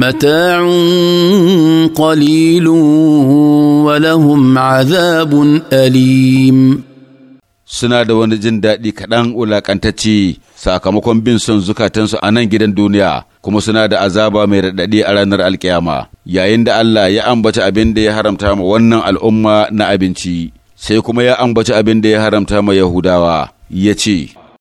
متاع قليل ولهم عذاب أليم suna da wani jin daɗi kaɗan wulaƙantacce sakamakon bin son zukatansu a nan gidan duniya kuma suna da azaba mai raɗaɗi a ranar alkiyama yayin da Allah ya ambaci abin da ya haramta ma wannan al'umma na abinci sai kuma ya ambaci abin da ya haramta ma Yahudawa ya ce